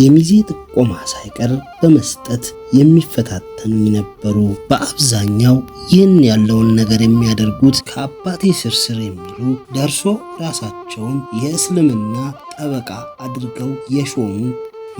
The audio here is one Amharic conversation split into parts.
የሚዜ ጥቆማ ሳይቀር በመስጠት የሚፈታተኑኝ ነበሩ። በአብዛኛው ይህን ያለውን ነገር የሚያደርጉት ከአባቴ ስርስር የሚሉ ደርሶ ራሳቸውን የእስልምና ጠበቃ አድርገው የሾሙ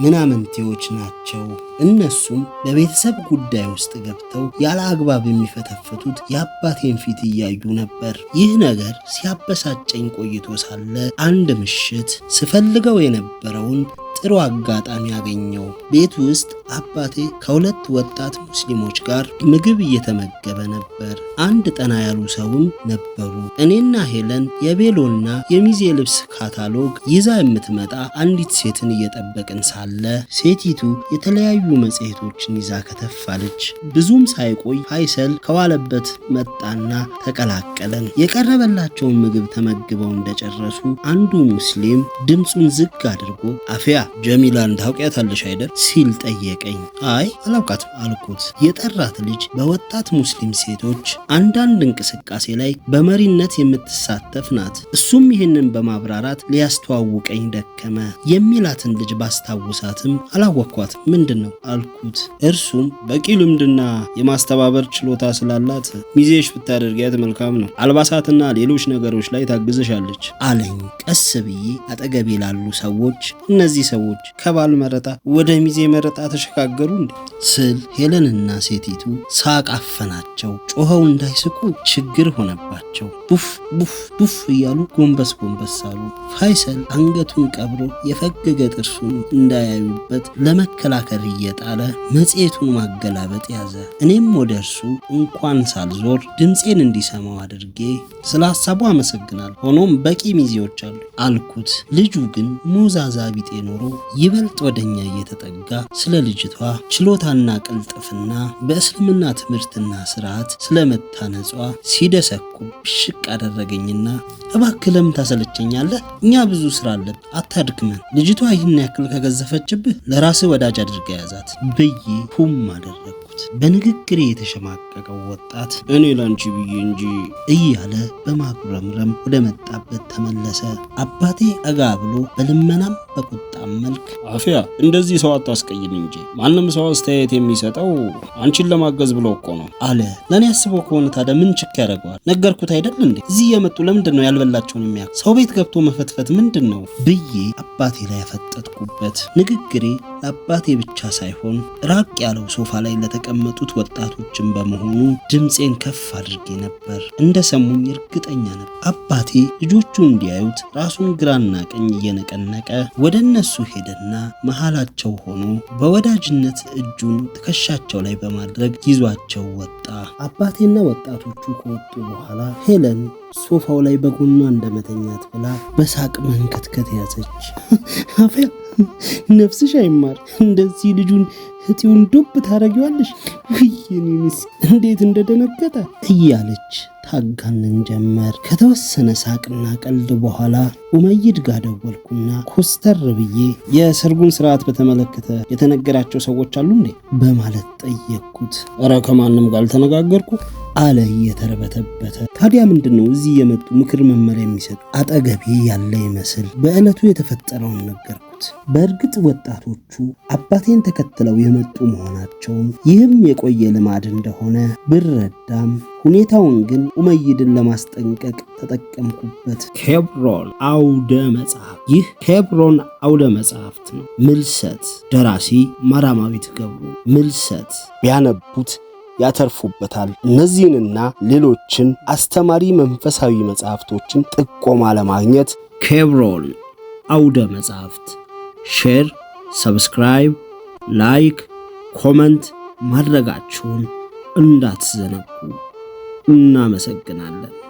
ምናምንቴዎች ናቸው። እነሱም በቤተሰብ ጉዳይ ውስጥ ገብተው ያለ አግባብ የሚፈተፍቱት የአባቴን ፊት እያዩ ነበር። ይህ ነገር ሲያበሳጨኝ ቆይቶ ሳለ አንድ ምሽት ስፈልገው የነበረውን ጥሩ አጋጣሚ አገኘው። ቤት ውስጥ አባቴ ከሁለት ወጣት ሙስሊሞች ጋር ምግብ እየተመገበ ነበር። አንድ ጠና ያሉ ሰውም ነበሩ። እኔና ሄለን የቤሎና የሚዜ ልብስ ካታሎግ ይዛ የምትመጣ አንዲት ሴትን እየጠበቅን ሳለ ሴቲቱ የተለያዩ መጽሔቶችን ይዛ ከተፋለች። ብዙም ሳይቆይ ፋይሰል ከዋለበት መጣና ተቀላቀለን። የቀረበላቸውን ምግብ ተመግበው እንደጨረሱ አንዱ ሙስሊም ድምፁን ዝግ አድርጎ አፍያ ጀሚላን ታውቂያታለሽ አይደል ሲል ጠየቀኝ። አይ አላውቃትም አልኩት። የጠራት ልጅ በወጣት ሙስሊም ሴቶች አንዳንድ እንቅስቃሴ ላይ በመሪነት የምትሳተፍ ናት። እሱም ይህንን በማብራራት ሊያስተዋውቀኝ ደከመ። የሚላትን ልጅ ባስታውሳትም አላወቅኳት ምንድን ነው አልኩት። እርሱም በቂ ልምድና የማስተባበር ችሎታ ስላላት ሚዜሽ ብታደርጊያት መልካም ነው፣ አልባሳትና ሌሎች ነገሮች ላይ ታግዝሻለች አለኝ። ቀስ ብዬ አጠገቤ ላሉ ሰዎች እነዚህ ሰዎች ከባል መረጣ ወደ ሚዜ መረጣ ተሸጋገሩ እንዴ ስል ሄለንና ሴቲቱ ሳቅ አፈናቸው። ጮኸው እንዳይስቁ ችግር ሆነባቸው። ቡፍ ቡፍ ቡፍ እያሉ ጎንበስ ጎንበስ አሉ። ፋይሰል አንገቱን ቀብሮ የፈገገ ጥርሱን እንዳያዩበት ለመከላከል እየጣለ መጽሔቱን ማገላበጥ ያዘ። እኔም ወደ እርሱ እንኳን ሳልዞር ድምፄን እንዲሰማው አድርጌ ስለ ሀሳቡ አመሰግናል ሆኖም በቂ ሚዜዎች አሉ አልኩት። ልጁ ግን ሞዛዛ ቢጤ ኖሮ ይበልጥ ወደ እኛ እየተጠጋ ስለ ልጅቷ ችሎታና ቅልጥፍና በእስልምና ትምህርትና ስርዓት ስለመታነጿ ሲደሰኩ ብሽቅ አደረገኝና እባክህ ለምን ታሰለቸኛለህ? እኛ ብዙ ስራ አለን፣ አታድክመን። ልጅቷ ይህን ያክል ከገዘፈችብህ ለራስህ ወዳጅ አድርገ ያዛት ብዬ ሁም አደረግ ሀብት በንግግሬ የተሸማቀቀው ወጣት እኔ ላንቺ ብዬ እንጂ እያለ በማጉረምረም ወደ መጣበት ተመለሰ። አባቴ አጋ ብሎ በልመናም በቁጣም መልክ አፍያ እንደዚህ ሰው አታስቀይም እንጂ ማንም ሰው አስተያየት የሚሰጠው አንቺን ለማገዝ ብሎ እኮ ነው አለ። ለእኔ አስበው ከሆነ ታዲያ ምን ችክ ያደርገዋል? ነገርኩት አይደል እንዴ? እዚህ የመጡ ለምንድን ነው ያልበላቸውን የሚያ ሰው ቤት ገብቶ መፈትፈት ምንድን ነው ብዬ አባቴ ላይ ያፈጠጥኩበት ንግግሬ አባቴ ብቻ ሳይሆን ራቅ ያለው ሶፋ ላይ ለተቀመጡት ወጣቶችን በመሆኑ ድምፄን ከፍ አድርጌ ነበር። እንደ ሰሙኝ እርግጠኛ ነበር። አባቴ ልጆቹ እንዲያዩት ራሱን ግራና ቀኝ እየነቀነቀ ወደ እነሱ ሄደና መሃላቸው ሆኖ በወዳጅነት እጁን ትከሻቸው ላይ በማድረግ ይዟቸው ወጣ። አባቴና ወጣቶቹ ከወጡ በኋላ ሄለን ሶፋው ላይ በጎኗ እንደመተኛት ብላ በሳቅ መንከትከት ያዘች። ነፍስሽ አይማር። እንደዚህ ልጁን ህጢውን ዱብ ታደርጊዋለሽ። ውይኔ እንዴት እንደደነገጠ እያለች ታጋንን ጀመር። ከተወሰነ ሳቅና ቀልድ በኋላ ኡመይድ ጋር ደወልኩና ኮስተር ብዬ የሰርጉን ስርዓት በተመለከተ የተነገራቸው ሰዎች አሉ እንዴ በማለት ጠየቅኩት። እረ ከማንም ጋር አልተነጋገርኩ አለ እየተረበተበተ። ታዲያ ምንድን ነው እዚህ የመጡ ምክር መመሪያ የሚሰጡ አጠገቤ ያለ ይመስል በዕለቱ የተፈጠረውን ነገር በእርግጥ ወጣቶቹ አባቴን ተከትለው የመጡ መሆናቸውም ይህም የቆየ ልማድ እንደሆነ ብረዳም ሁኔታውን ግን ኡመይድን ለማስጠንቀቅ ተጠቀምኩበት። ኬብሮን አውደ መጽሐፍ። ይህ ኬብሮን አውደ መጽሐፍት ነው። ምልሰት፣ ደራሲ ማራማዊት ገብሩ። ምልሰት ቢያነቡት ያተርፉበታል። እነዚህንና ሌሎችን አስተማሪ መንፈሳዊ መጽሐፍቶችን ጥቆማ ለማግኘት ኬብሮል አውደ መጽሐፍት ሼር፣ ሰብስክራይብ፣ ላይክ፣ ኮመንት ማድረጋችሁን እንዳትዘነጉ። እናመሰግናለን።